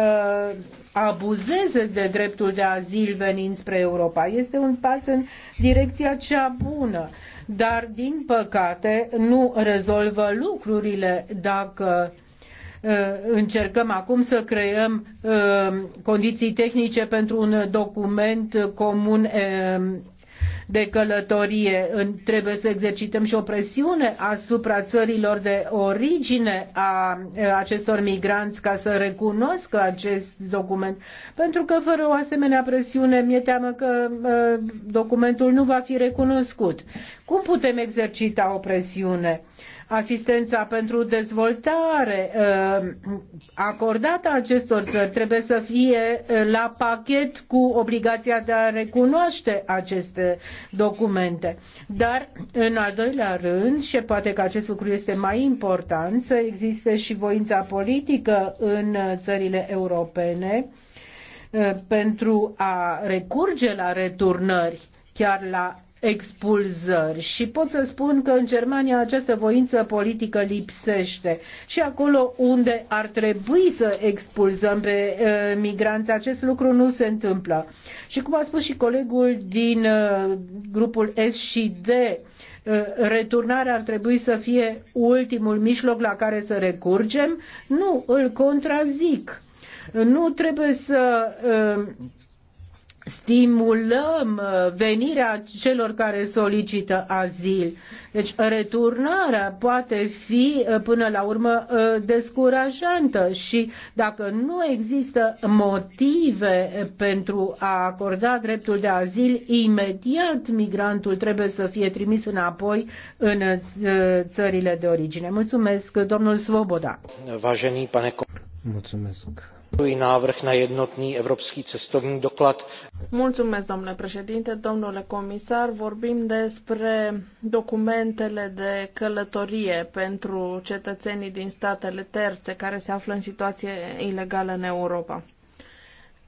abuzeze de dreptul de azil venind spre Europa. Este un pas în direcția cea bună, dar din păcate nu rezolvă lucrurile dacă Uh, încercăm acum să creăm uh, condiții tehnice pentru un document comun uh, de călătorie. Trebuie să exercităm și o presiune asupra țărilor de origine a acestor migranți ca să recunoască acest document. Pentru că fără o asemenea presiune mi-e teamă că documentul nu va fi recunoscut. Cum putem exercita o presiune? Uh, asistența pentru dezvoltare uh, acordată acestor țări trebuie să fie la pachet cu obligația de a recunoaște aceste documente. Dar, în al doilea rând, și poate că acest lucru este mai important, să existe și voința politică în țările europene uh, pentru a recurge la returnări chiar la expulzări și pot să spun că în Germania această voință politică lipsește și acolo unde ar trebui să expulzăm pe uh, migranți, acest lucru nu se întâmplă. Și cum a spus și colegul din uh, grupul S și D, returnarea ar trebui să fie ultimul mijloc la care să recurgem? Nu, îl contrazic. Nu trebuie să stimulăm uh, venirea celor care solicită azil. Deci returnarea poate fi uh, până la urmă uh, descurajantă și dacă nu există motive pentru a acorda dreptul de azil, imediat migrantul trebuie să fie trimis înapoi în țările de origine. Mulțumesc, domnul Svoboda. Mulțumesc, návrh na jednotný evropský cestovní doklad. Mulțumesc, domnule președinte, domnule comisar. Vorbim despre documentele de călătorie pentru cetățenii din statele terțe care se află în situație ilegală în Europa.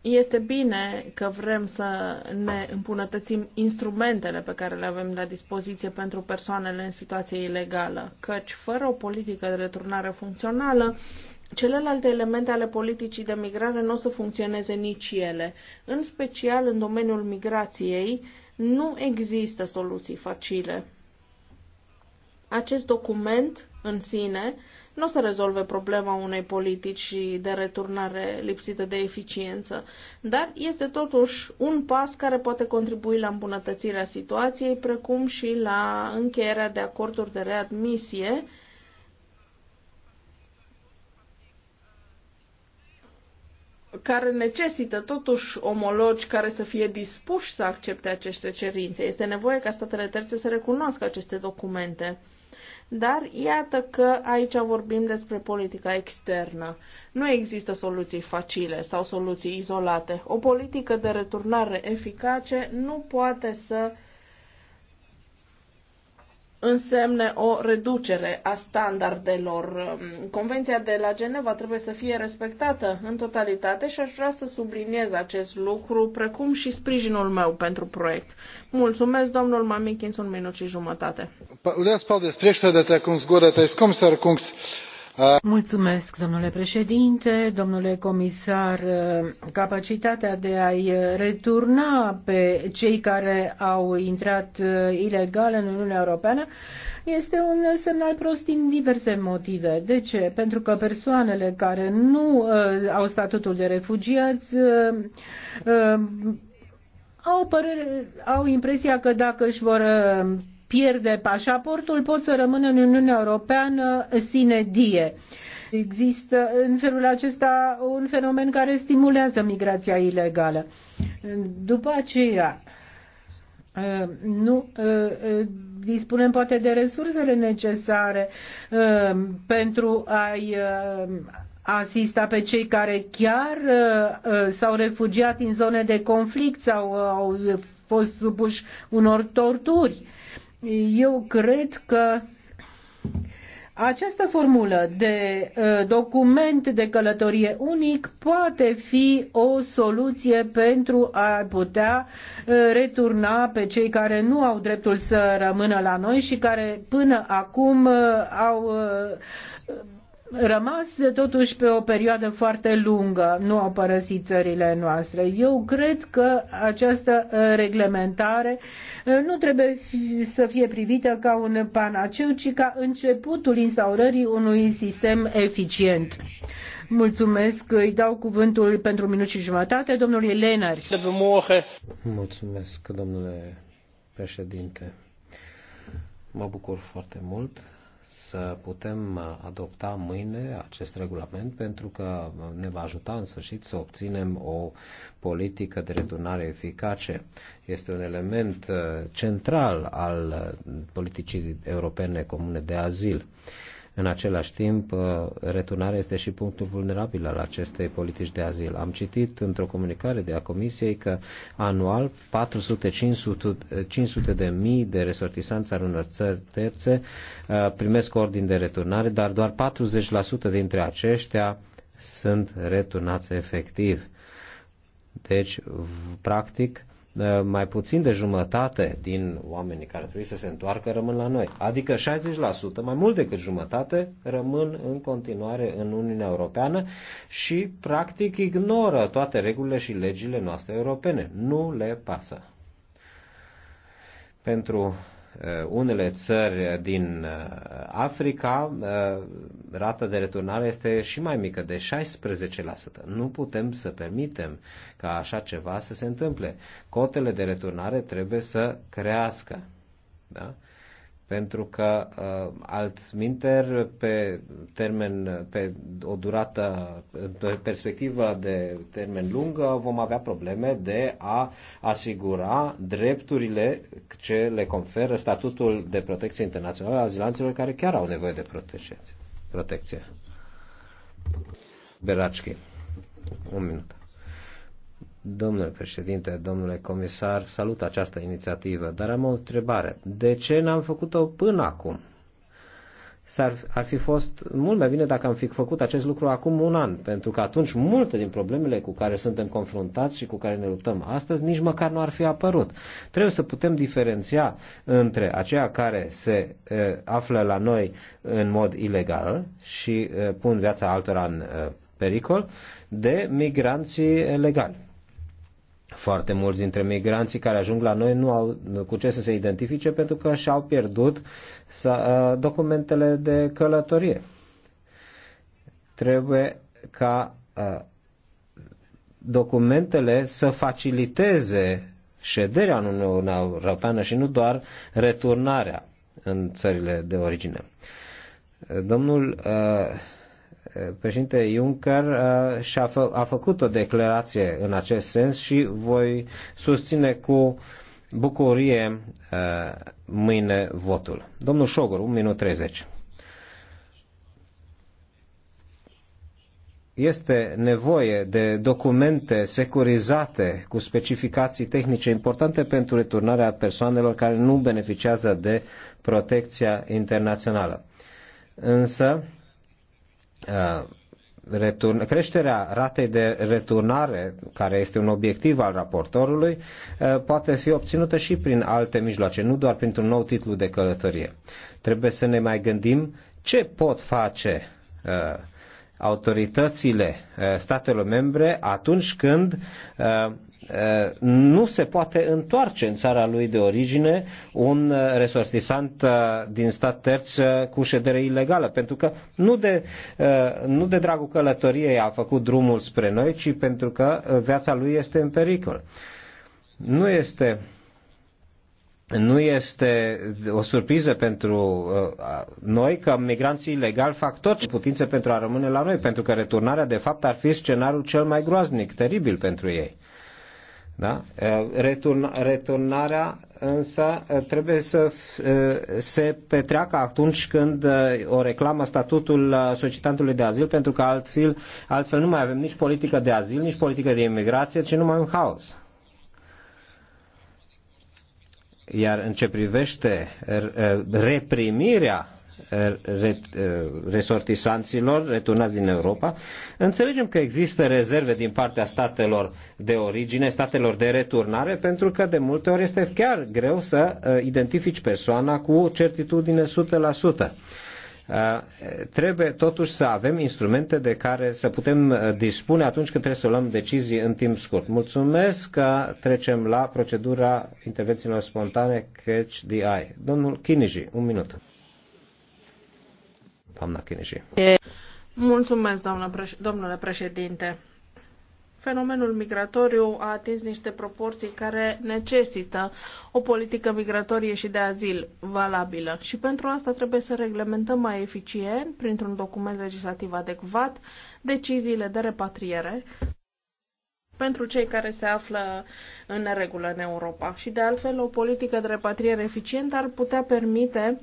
Este bine că vrem să ne îmbunătățim instrumentele pe care le avem la dispoziție pentru persoanele în situație ilegală, căci fără o politică de returnare funcțională, Celelalte elemente ale politicii de migrare nu o să funcționeze nici ele. În special în domeniul migrației nu există soluții facile. Acest document în sine nu o să rezolve problema unei politici de returnare lipsită de eficiență, dar este totuși un pas care poate contribui la îmbunătățirea situației, precum și la încheierea de acorduri de readmisie care necesită totuși omologi care să fie dispuși să accepte aceste cerințe. Este nevoie ca statele terțe să recunoască aceste documente. Dar iată că aici vorbim despre politica externă. Nu există soluții facile sau soluții izolate. O politică de returnare eficace nu poate să însemne o reducere a standardelor. Um, Convenția de la Geneva trebuie să fie respectată în totalitate și aș vrea să subliniez acest lucru, precum și sprijinul meu pentru proiect. Mulțumesc, domnul Mamikins, un minut și jumătate. Paldies, paldies, priekšsēdētāj, kungs, godātais komisār, kungs. Mulțumesc, domnule președinte, domnule comisar. Capacitatea de a-i returna pe cei care au intrat ilegal în Uniunea Europeană este un semnal prost din diverse motive. De ce? Pentru că persoanele care nu uh, au statutul de refugiați uh, uh, au, părere, au impresia că dacă își vor uh, pierde pașaportul pot să rămână în Uniunea Europeană sine die. Există în felul acesta un fenomen care stimulează migrația ilegală. După aceea, nu dispunem poate de resursele necesare pentru a-i asista pe cei care chiar s-au refugiat în zone de conflict sau au fost supuși unor torturi. Eu cred că această formulă de uh, document de călătorie unic poate fi o soluție pentru a putea uh, returna pe cei care nu au dreptul să rămână la noi și care până acum uh, au rămas totuși pe o perioadă foarte lungă, nu au părăsit țările noastre. Eu cred că această uh, reglementare uh, nu trebuie să fie privită ca un panaceu, ci ca începutul instaurării unui sistem eficient. Mulțumesc, îi dau cuvântul pentru un minut și jumătate domnului Lenar. Mulțumesc, domnule președinte. Mă bucur foarte mult să putem adopta mâine acest regulament pentru că ne va ajuta în sfârșit să obținem o politică de returnare eficace. Este un element uh, central al uh, politicii europene comune de azil. În același timp, uh, returnarea este și punctul vulnerabil al acestei politici de azil. Am citit într-o comunicare de a Comisiei că anual 400-500 de mii de resortisanți al unor țări terțe uh, primesc ordini de returnare, dar doar 40% dintre aceștia sunt returnați efectiv. Deci, practic, Eh, mai puțin de jumătate din oamenii care trebuie să se întoarcă rămân la noi. Adică 60%, mai mult decât jumătate, rămân în continuare în Uniunea Europeană și practic ignoră toate regulile și legile noastre europene. Nu le pasă. Pentru Eh, unele țări din eh, Africa, eh, rata de returnare este și mai mică, de 16%. Nu putem să permitem ca așa ceva să se întâmple. Cotele de returnare trebuie să crească. Da? pentru că uh, altminteri pe termen, pe o durată, pe perspectivă de termen lung vom avea probleme de a asigura drepturile ce le conferă statutul de protecție internațională a zilanților care chiar au nevoie de protecție. protecție. Beracchi, un minut. Domnule președinte, domnule comisar, salut această inițiativă, dar am o întrebare. De ce n-am făcut-o până acum? S-ar, ar fi fost mult mai bine dacă am fi făcut acest lucru acum un an, pentru că atunci multe din problemele cu care suntem confruntați și cu care ne luptăm astăzi nici măcar nu ar fi apărut. Trebuie să putem diferenția între aceia care se e, află la noi în mod ilegal și e, pun viața altora în e, pericol de migranții legali foarte mulți dintre migranții care ajung la noi nu au cu ce să se identifice pentru că și-au pierdut uh, documentele de călătorie. Trebuie ca uh, documentele să faciliteze șederea în Uniunea Europeană și nu doar returnarea în țările de origine. Domnul uh, președinte Juncker uh, și a, fă, a făcut o declarație în acest sens și voi susține cu bucurie uh, mâine votul. Domnul Șogor, 1 minut 30. Este nevoie de documente securizate cu specificații tehnice importante pentru returnarea persoanelor care nu beneficiază de protecția internațională. Însă, Uh, return, creșterea ratei de returnare, care este un obiectiv al raportorului, uh, poate fi obținută și prin alte mijloace, nu doar printr-un nou titlu de călătorie. Trebuie să ne mai gândim ce pot face uh, autoritățile statelor membre atunci când Eh, nu se poate întoarce în țara lui de origine un eh, resortisant eh, din stat terț cu ședere ilegală, pentru că nu de, nu de dragul călătoriei a făcut drumul spre noi, ci pentru că viața lui este în pericol. Nu este nu este o surpriză pentru noi că migranții ilegali fac tot ce putință pentru a rămâne la noi, pentru că returnarea de fapt ar fi scenariul cel mai groaznic, teribil pentru ei. Da? Eh, return, returnarea însă eh, trebuie să eh, se petreacă atunci când o reclamă statutul solicitantului de azil, pentru că altfel, altfel nu mai avem nici politică de azil, nici politică de imigrație, ci numai un haos. Iar în ce privește reprimirea resortisanților returnați din Europa. Înțelegem că există rezerve din partea statelor de origine, statelor de returnare, pentru că de multe ori este chiar greu să uh, identifici persoana cu certitudine 100%. Uh, trebuie totuși să avem instrumente de care să putem uh, dispune atunci când trebuie să luăm decizii în timp scurt. Mulțumesc că trecem la procedura intervențiilor spontane catch the eye. Domnul Chiniji, un minut doamna Chineșii. Mulțumesc, doamnă preș- domnule președinte. Fenomenul migratoriu a atins niște proporții care necesită o politică migratorie și de azil valabilă. Și pentru asta trebuie să reglementăm mai eficient, printr-un document legislativ adecvat, deciziile de repatriere pentru cei care se află în neregulă în Europa. Și de altfel, o politică de repatriere eficientă ar putea permite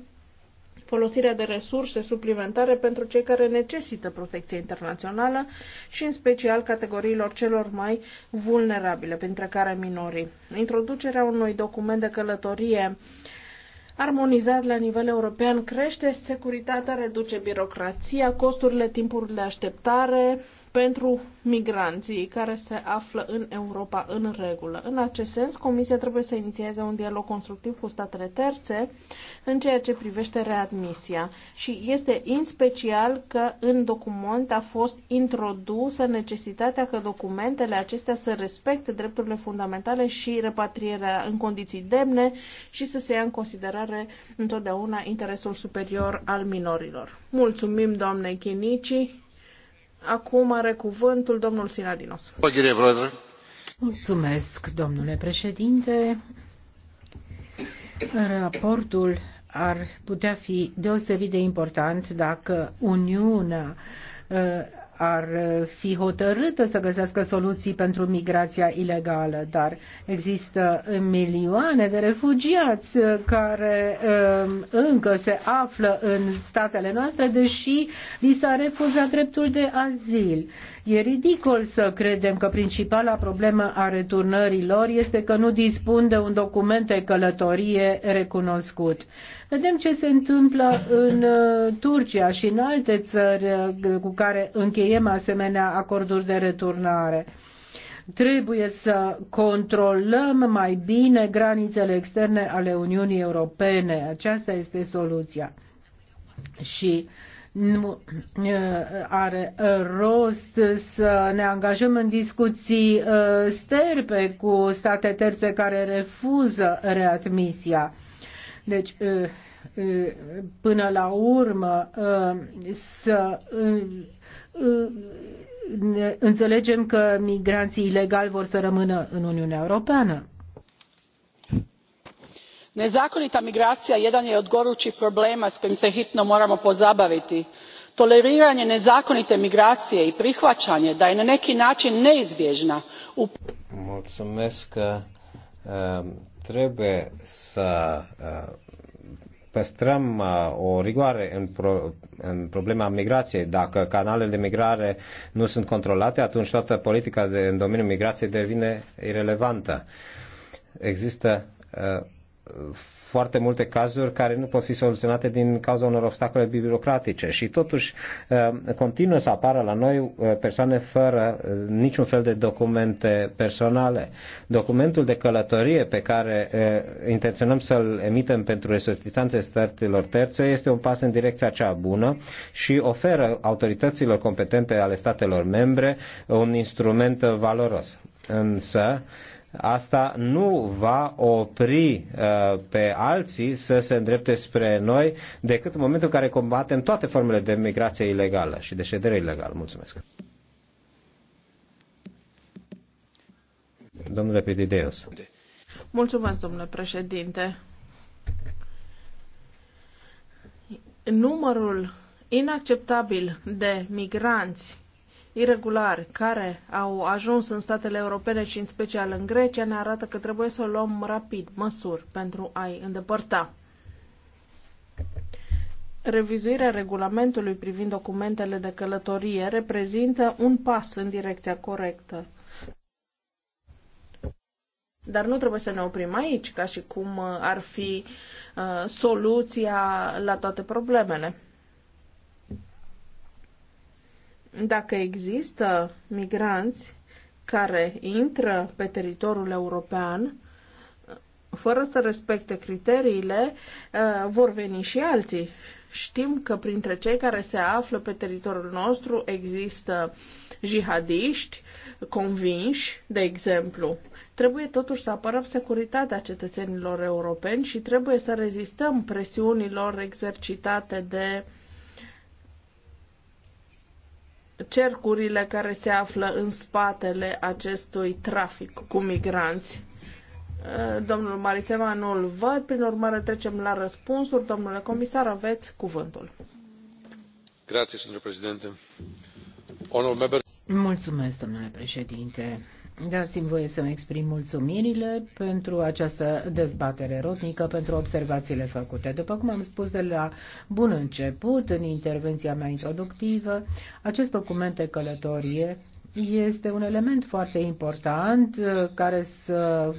folosirea de resurse suplimentare pentru cei care necesită protecție internațională și în special categoriilor celor mai vulnerabile, printre care minorii. Introducerea unui document de călătorie armonizat la nivel european crește securitatea, reduce birocrația, costurile, timpurile de așteptare, pentru migranții care se află în Europa în regulă. În acest sens, Comisia trebuie să inițieze un dialog constructiv cu statele terțe în ceea ce privește readmisia. Și este în special că în document a fost introdusă necesitatea că documentele acestea să respecte drepturile fundamentale și repatrierea în condiții demne și să se ia în considerare întotdeauna interesul superior al minorilor. Mulțumim, doamne Chinici! Acum are cuvântul domnul Sinadinos. Mulțumesc, domnule președinte. Raportul ar putea fi deosebit de important dacă Uniunea ar fi hotărâtă să găsească soluții pentru migrația ilegală, dar există milioane de refugiați care um, încă se află în statele noastre, deși li s-a refuzat dreptul de azil. E ridicol să credem că principala problemă a returnărilor este că nu dispun de un document de călătorie recunoscut. Vedem ce se întâmplă în uh, Turcia și în alte țări uh, cu care încheiem asemenea acorduri de returnare. Trebuie să controlăm mai bine granițele externe ale Uniunii Europene. Aceasta este soluția. Și nu uh, are rost să ne angajăm în discuții sterpe cu state terțe care refuză readmisia. Deci până la urmă ă, să ă, ă, înțelegem că migranții ilegali vor să rămână în Uniunea Europeană. Nezakonita migracija jedan je od gorućih problema s kojim se hitno moramo pozabaviti. Toleriranje nezakonite migracije i prihvaćanje da je na neki način neizbježna. U... Mulțumesc. Trebuie să păstrăm uh, o rigoare în, pro, în problema migrației. Dacă canalele de migrare nu sunt controlate, atunci toată politica de, în domeniul migrației devine irelevantă. Există uh, foarte multe cazuri care nu pot fi soluționate din cauza unor obstacole birocratice și totuși uh, continuă să apară la noi uh, persoane fără uh, niciun fel de documente personale. Documentul de călătorie pe care intenționăm să-l emitem pentru resortizanțe statelor terțe este un pas în direcția cea bună și oferă autorităților competente ale statelor membre un instrument valoros. Însă, asta nu va opri uh, pe alții să se îndrepte spre noi decât în momentul în care combatem toate formele de migrație ilegală și de ședere ilegală. Mulțumesc. Domnule Pidideos. Mulțumesc, domnule președinte. Numărul inacceptabil de migranți irregulari care au ajuns în statele europene și în special în Grecia ne arată că trebuie să luăm rapid măsuri pentru a-i îndepărta. Revizuirea regulamentului privind documentele de călătorie reprezintă un pas în direcția corectă. Dar nu trebuie să ne oprim aici, ca și cum ar fi uh, soluția la toate problemele. Dacă există migranți care intră pe teritoriul european, fără să respecte criteriile, uh, vor veni și alții. Știm că printre cei care se află pe teritoriul nostru există jihadiști convinși, de exemplu. Trebuie totuși să apărăm securitatea cetățenilor europeni și trebuie să rezistăm presiunilor exercitate de uh, cercurile care se află în spatele acestui trafic cu migranți. Uh, domnul Marisema nu îl văd, prin urmare trecem la răspunsuri. Domnule comisar, aveți cuvântul. domnule președinte. Mulțumesc, domnule președinte. Dați-mi voie să-mi exprim mulțumirile pentru această dezbatere rodnică, pentru observațiile făcute. După cum am spus de la bun început, în intervenția mea introductivă, acest document de călătorie este un element foarte important uh, care să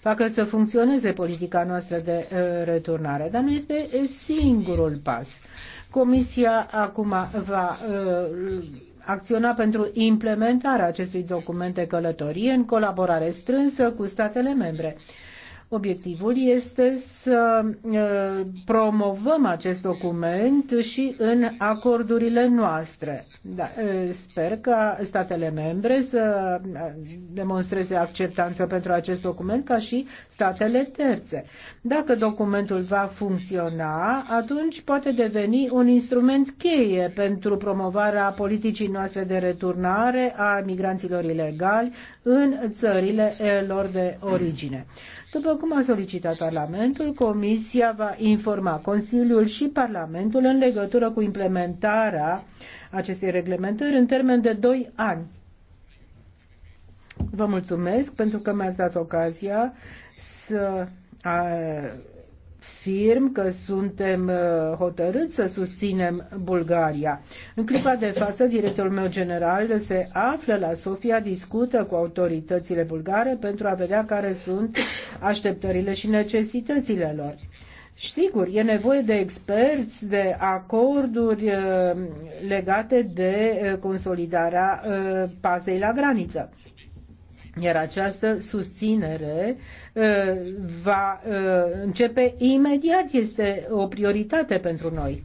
facă să funcționeze politica noastră de uh, returnare, dar nu este singurul pas. Comisia acum va uh, acționa pentru implementarea acestui document de călătorie în colaborare strânsă cu statele membre. Obiectivul este să uh, promovăm acest document și în acordurile noastre. Da, uh, sper ca statele membre să uh, demonstreze acceptanță pentru acest document ca și statele terțe. Dacă documentul va funcționa, atunci poate deveni un instrument cheie pentru promovarea politicii noastre de returnare a migranților ilegali în țările lor de origine. După cum a solicitat Parlamentul, Comisia va informa Consiliul și Parlamentul în legătură cu implementarea acestei reglementări în termen de 2 ani. Vă mulțumesc pentru că mi-ați dat ocazia să afirm că suntem uh, hotărâți să susținem Bulgaria. În clipa de față, directorul meu general se află la Sofia, discută cu autoritățile bulgare pentru a vedea care sunt așteptările și necesitățile lor. Și sigur, e nevoie de experți, de acorduri uh, legate de uh, consolidarea pasei la graniță. Iar această susținere uh, va uh, începe imediat, este o prioritate pentru noi.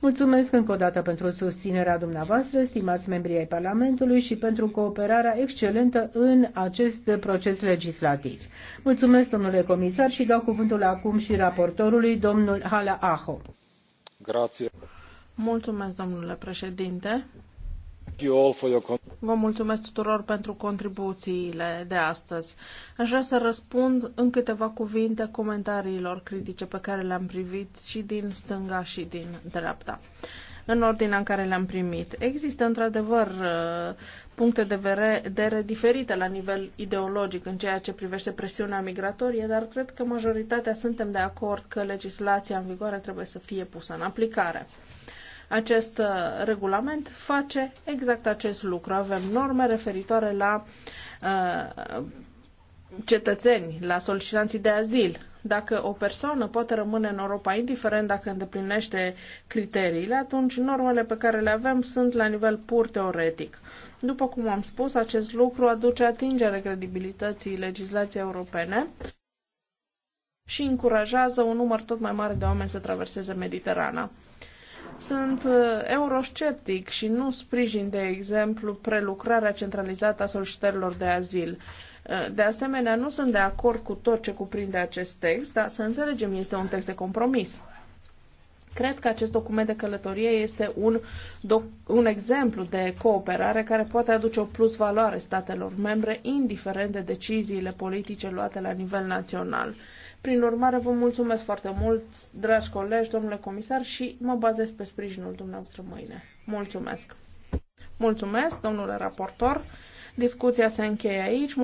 Mulțumesc încă o dată pentru susținerea dumneavoastră, stimați membrii ai Parlamentului și pentru cooperarea excelentă în acest proces legislativ. Mulțumesc, domnule comisar, și dau cuvântul acum și raportorului, domnul Hala Aho. Grație. Mulțumesc, domnule președinte. Vă mulțumesc tuturor pentru contribuțiile de astăzi. Aș vrea să răspund în câteva cuvinte comentariilor critice pe care le-am privit și din stânga și din dreapta în ordinea în care le-am primit. Există într-adevăr uh, puncte de vedere diferite la nivel ideologic în ceea ce privește presiunea migratorie, dar cred că majoritatea suntem de acord că legislația în vigoare trebuie să fie pusă în aplicare. Acest uh, regulament face exact acest lucru. Avem norme referitoare la uh, cetățeni, la solicitanții de azil. Dacă o persoană poate rămâne în Europa indiferent dacă îndeplinește criteriile, atunci normele pe care le avem sunt la nivel pur teoretic. După cum am spus, acest lucru aduce atingere credibilității legislației europene și încurajează un număr tot mai mare de oameni să traverseze Mediterana sunt uh, eurosceptic și nu sprijin, de exemplu, prelucrarea centralizată a solicitărilor de azil. Uh, de asemenea, nu sunt de acord cu tot ce cuprinde acest text, dar să înțelegem, este un text de compromis. Cred că acest document de călătorie este un, doc- un exemplu de cooperare care poate aduce o plus valoare statelor membre, indiferent de deciziile politice luate la nivel național. Prin urmare, vă mulțumesc foarte mult, dragi colegi, domnule comisar, și mă bazez pe sprijinul dumneavoastră mâine. Mulțumesc! Mulțumesc, domnule raportor. Discuția se încheie aici.